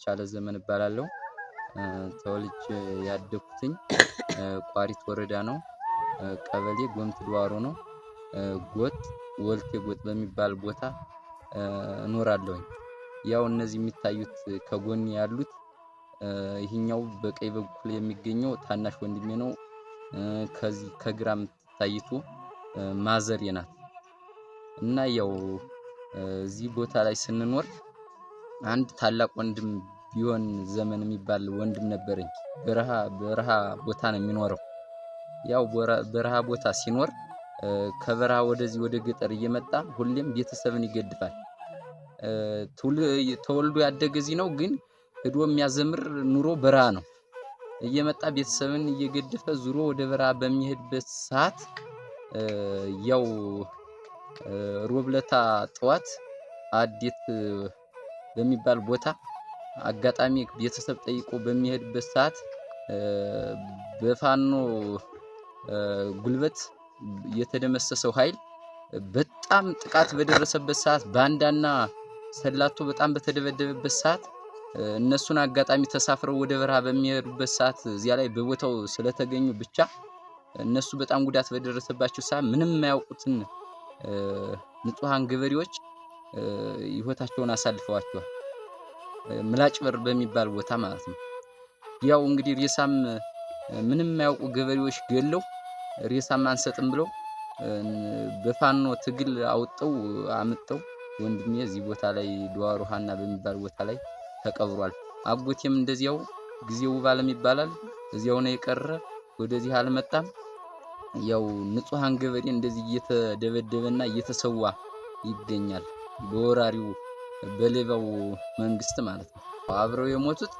የቻለ ዘመን እባላለሁ። ተወልጄ ያደኩትኝ ቋሪት ወረዳ ነው። ቀበሌ ጎምት ድዋሮ ነው። ጎጥ ወልቴ ጎጥ በሚባል ቦታ እኖራለሁኝ። ያው እነዚህ የሚታዩት ከጎን ያሉት ይህኛው በቀኝ በኩል የሚገኘው ታናሽ ወንድሜ ነው። ከዚህ ከግራ የምትታይቱ ማዘሬ ናት እና ያው እዚህ ቦታ ላይ ስንኖር አንድ ታላቅ ወንድም ቢሆን ዘመን የሚባል ወንድም ነበረኝ። በረሃ በረሃ ቦታ ነው የሚኖረው። ያው በረሃ ቦታ ሲኖር ከበረሃ ወደዚህ ወደ ገጠር እየመጣ ሁሌም ቤተሰብን ይገድፋል። ተወልዶ ያደገ እዚህ ነው፣ ግን ሄዶ የሚያዘምር ኑሮ በረሃ ነው። እየመጣ ቤተሰብን እየገደፈ ዙሮ ወደ በረሃ በሚሄድበት ሰዓት ያው ሮብለታ ጠዋት አዴት በሚባል ቦታ አጋጣሚ ቤተሰብ ጠይቆ በሚሄድበት ሰዓት በፋኖ ጉልበት የተደመሰሰው ኃይል በጣም ጥቃት በደረሰበት ሰዓት ባንዳና ሰላቶ በጣም በተደበደበበት ሰዓት እነሱን አጋጣሚ ተሳፍረው ወደ በረሃ በሚሄዱበት ሰዓት እዚያ ላይ በቦታው ስለተገኙ ብቻ እነሱ በጣም ጉዳት በደረሰባቸው ሰዓት ምንም የማያውቁትን ንጹሐን ገበሬዎች ህይወታቸውን አሳልፈዋቸዋል። ምላጭ በር በሚባል ቦታ ማለት ነው። ያው እንግዲህ ሬሳም ምንም የማያውቁ ገበሬዎች ገለው ሬሳም አንሰጥም ብለው በፋኖ ትግል አውጠው አምጠው ወንድሜ እዚህ ቦታ ላይ ድዋር ውሃና በሚባል ቦታ ላይ ተቀብሯል። አጎቴም እንደዚያው ጊዜው ባለም ይባላል እዚያው ነው የቀረ፣ ወደዚህ አልመጣም። ያው ንጹሃን ገበሬ እንደዚህ እየተደበደበና እየተሰዋ ይገኛል። በወራሪው በሌባው መንግስት ማለት ነው። አብረው የሞቱት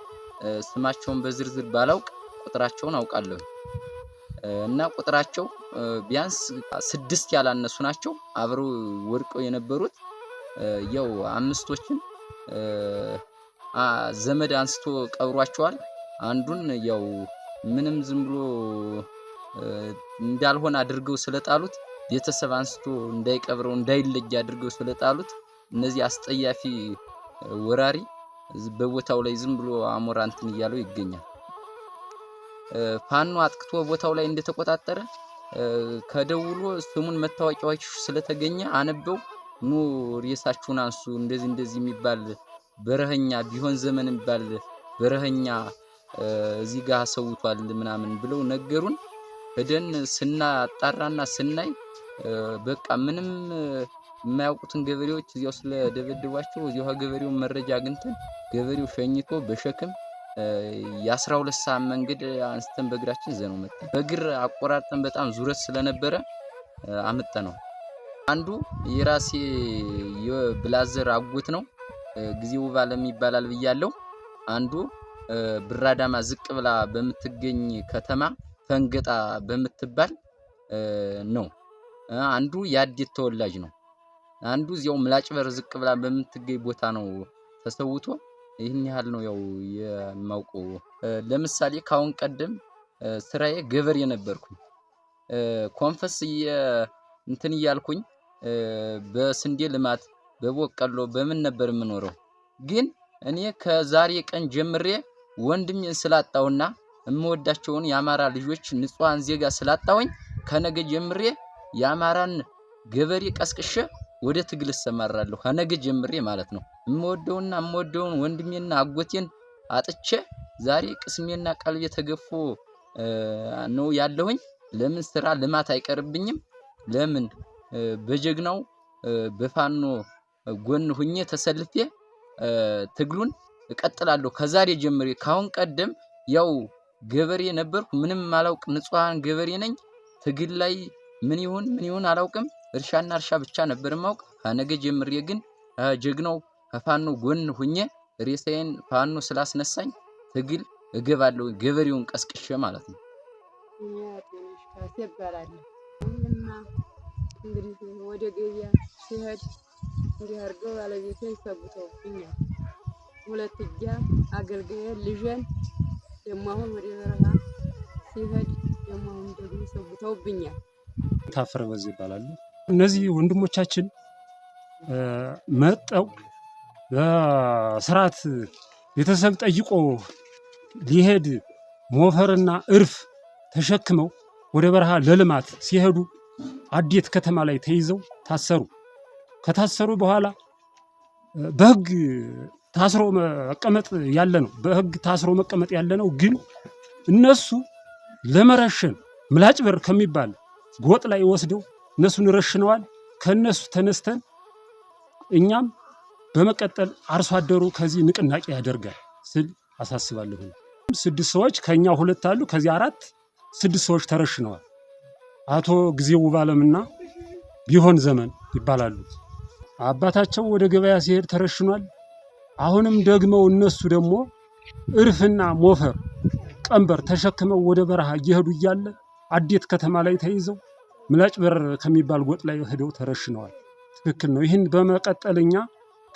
ስማቸውን በዝርዝር ባላውቅ ቁጥራቸውን አውቃለሁ እና ቁጥራቸው ቢያንስ ስድስት ያላነሱ ናቸው። አብረው ወድቀው የነበሩት ያው አምስቶችን ዘመድ አንስቶ ቀብሯቸዋል። አንዱን ያው ምንም ዝም ብሎ እንዳልሆነ አድርገው ስለጣሉት ቤተሰብ አንስቶ እንዳይቀብረው እንዳይለይ አድርገው ስለጣሉት እነዚህ አስጠያፊ ወራሪ በቦታው ላይ ዝም ብሎ አሞራ እንትን እያለው ይገኛል። ፋኖ አጥቅቶ ቦታው ላይ እንደተቆጣጠረ ከደውሎ ስሙን መታወቂያዎች ስለተገኘ አነበው ኑ ሬሳችሁን አንሱ፣ እንደዚህ እንደዚህ የሚባል በረኛ ቢሆን ዘመን የሚባል በረኸኛ እዚህ ጋር ሰውቷል ምናምን ብለው ነገሩን። ሄደን ስናጣራና ስናይ በቃ ምንም የማያውቁትን ገበሬዎች እዚያው ስለደበደቧቸው እዚያው ገበሬውን መረጃ አግኝተን ገበሬው ሸኝቶ በሸክም የአስራ ሁለት ሰዓት መንገድ አንስተን በእግራችን ይዘነው መጣ። በእግር አቆራርጠን በጣም ዙረት ስለነበረ አመጠ ነው። አንዱ የራሴ የብላዘር አጎት ነው፣ ጊዜ ውባ ለሚባላል ብያለው። አንዱ ብራዳማ ዝቅ ብላ በምትገኝ ከተማ ፈንገጣ በምትባል ነው። አንዱ የአዴት ተወላጅ ነው። አንዱ እዚያው ምላጭ በር ዝቅ ብላ በምትገኝ ቦታ ነው ተሰውቶ። ይህን ያህል ነው ያው የማውቀው። ለምሳሌ ከአሁን ቀደም ስራዬ ገበሬ ነበርኩኝ። ኮንፈስ እንትን እያልኩኝ በስንዴ ልማት በቦቀሎ በምን ነበር የምኖረው። ግን እኔ ከዛሬ ቀን ጀምሬ ወንድሜን ስላጣውና የምወዳቸውን የአማራ ልጆች ንጹሐን ዜጋ ስላጣውኝ ከነገ ጀምሬ የአማራን ገበሬ ቀስቅሼ ወደ ትግል እሰማራለሁ ከነገ ጀምሬ ማለት ነው። እምወደውና እምወደውን ወንድሜና አጎቴን አጥቼ ዛሬ ቅስሜና ቀልቤ ተገፎ ነው ያለሁኝ። ለምን ስራ ልማት አይቀርብኝም? ለምን በጀግናው በፋኖ ጎን ሁኜ ተሰልፌ ትግሉን እቀጥላለሁ ከዛሬ ጀምሬ። ካሁን ቀደም ያው ገበሬ ነበርኩ፣ ምንም አላውቅ፣ ንጹሐን ገበሬ ነኝ። ትግል ላይ ምን ይሁን ምን ይሁን አላውቅም። እርሻና እርሻ ብቻ ነበር ማውቅ። ከነገ ጀምሬ ግን ጀግናው ከፋኖ ጎን ሁኜ ሬሳዬን ፋኖ ስላስነሳኝ ትግል እገባለሁ። ገበሬውን ቀስቅሼ ማለት ነው። እንግዲህ ወደ ገበያ ሲሄድ እንዲህ አድርገው ባለቤቴ ይሰጉተውብኛል። ሁለት እጃ ልጄን ደግሞ አሁን ወደ በረሃ ሲሄድ ደግሞ አሁን ደግሞ ይሰጉተውብኛል። ታፈረ በዚህ ይባላሉ። እነዚህ ወንድሞቻችን መጠው በስርዓት ቤተሰብ ጠይቆ ሊሄድ ሞፈርና እርፍ ተሸክመው ወደ በረሃ ለልማት ሲሄዱ አዴት ከተማ ላይ ተይዘው ታሰሩ። ከታሰሩ በኋላ በህግ ታስሮ መቀመጥ ያለ ነው። በህግ ታስሮ መቀመጥ ያለ ነው። ግን እነሱ ለመረሸን ምላጭ በር ከሚባል ጎጥ ላይ ወስደው እነሱን ረሽነዋል። ከነሱ ተነስተን እኛም በመቀጠል አርሶ አደሩ ከዚህ ንቅናቄ ያደርጋል ስል አሳስባለሁ። ስድስት ሰዎች ከእኛ ሁለት አሉ፣ ከዚህ አራት ስድስት ሰዎች ተረሽነዋል። አቶ ጊዜው ባለምና ቢሆን ዘመን ይባላሉ። አባታቸው ወደ ገበያ ሲሄድ ተረሽኗል። አሁንም ደግመው እነሱ ደግሞ እርፍና ሞፈር ቀንበር ተሸክመው ወደ በረሃ እየሄዱ እያለ አዴት ከተማ ላይ ተይዘው ምላጭ በር ከሚባል ጎጥ ላይ ሄደው ተረሽነዋል። ትክክል ነው። ይህን በመቀጠልኛ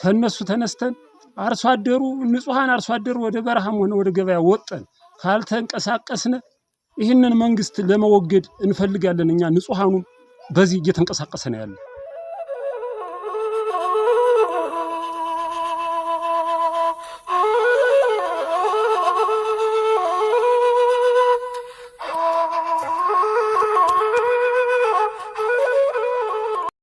ከእነሱ ተነስተን አርሶ አደሩ ንጹሐን አርሶ አደሩ ወደ በረሃም ሆነ ወደ ገበያ ወጠን ካልተንቀሳቀስነ ይህንን መንግስት ለመወገድ እንፈልጋለን። እኛ ንጹሐኑ በዚህ እየተንቀሳቀሰ ነው ያለን።